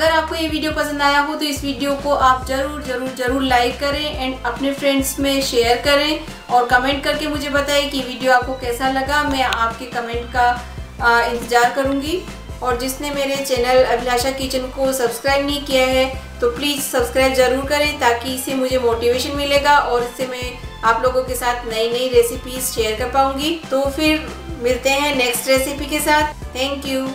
अगर आपको ये वीडियो पसंद आया हो तो इस वीडियो को आप ज़रूर ज़रूर ज़रूर लाइक करें एंड अपने फ्रेंड्स में शेयर करें और कमेंट करके मुझे बताएं कि वीडियो आपको कैसा लगा मैं आपके कमेंट का इंतज़ार करूंगी और जिसने मेरे चैनल अभिलाषा किचन को सब्सक्राइब नहीं किया है तो प्लीज़ सब्सक्राइब ज़रूर करें ताकि इससे मुझे मोटिवेशन मिलेगा और इससे मैं आप लोगों के साथ नई नई रेसिपीज़ शेयर कर पाऊँगी तो फिर मिलते हैं नेक्स्ट रेसिपी के साथ थैंक यू